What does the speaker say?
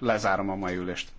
lezárom a mai ülést.